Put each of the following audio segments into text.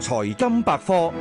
財金百科，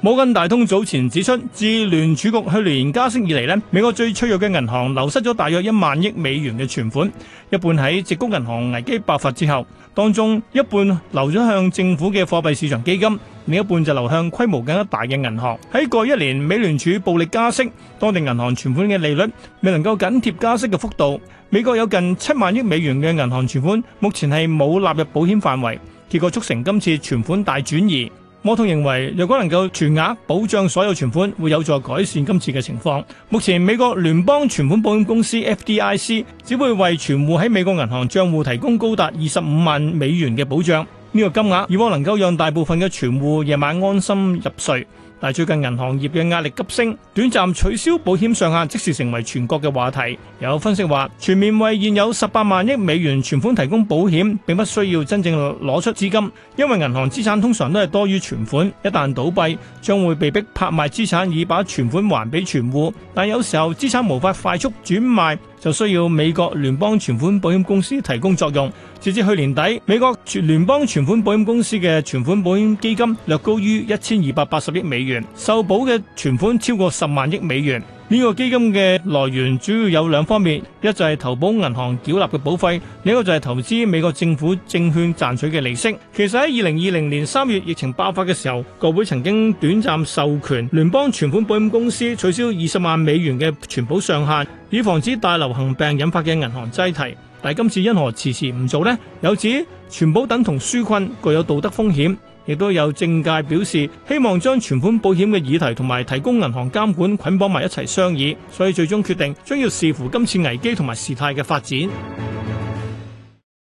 摩根大通早前指出，自聯儲局去年加息以嚟咧，美國最脆弱嘅銀行流失咗大約一萬億美元嘅存款，一半喺矽谷銀行危機爆發之後，當中一半流咗向政府嘅貨幣市場基金，另一半就流向規模更加大嘅銀行。喺過去一年，美聯儲暴力加息，當地銀行存款嘅利率未能夠緊貼加息嘅幅度，美國有近七萬億美元嘅銀行存款，目前係冇納入保險範圍。結果促成今次存款大轉移。摩通認為，若果能夠全額保障所有存款，會有助改善今次嘅情況。目前美國聯邦存款保險公司 FDIC 只會為存戶喺美國銀行賬戶提供高達二十五萬美元嘅保障，呢、呢個金額以往能夠讓大部分嘅存戶夜晚安心入睡。但最近銀行業嘅壓力急升，短暫取消保險上限，即時成為全國嘅話題。有分析話，全面為現有十八萬億美元存款提供保險並不需要真正攞出資金，因為銀行資產通常都係多於存款。一旦倒閉將會被迫拍賣資產，以把存款還俾存戶。但有時候資產無法快速轉賣，就需要美國聯邦存款保險公司提供作用。截至去年底，美國聯邦存款保險公司嘅存款保險基金略高於一千二百八十億美元。受保嘅存款超過十萬億美元，呢個基金嘅來源主要有兩方面，一就係投保銀行繳納嘅保費，另一個就係投資美國政府證券賺取嘅利息。其實喺二零二零年三月疫情爆發嘅時候，國會曾經短暫授權聯邦存款保險公司取消二十萬美元嘅存保上限，以防止大流行病引發嘅銀行擠提。但今次因何遲遲唔做呢？有指存保等同紓困，具有道德風險。亦都有政界表示，希望將存款保險嘅議題同埋提供銀行監管捆綁埋一齊商議，所以最終決定將要視乎今次危機同埋事態嘅發展。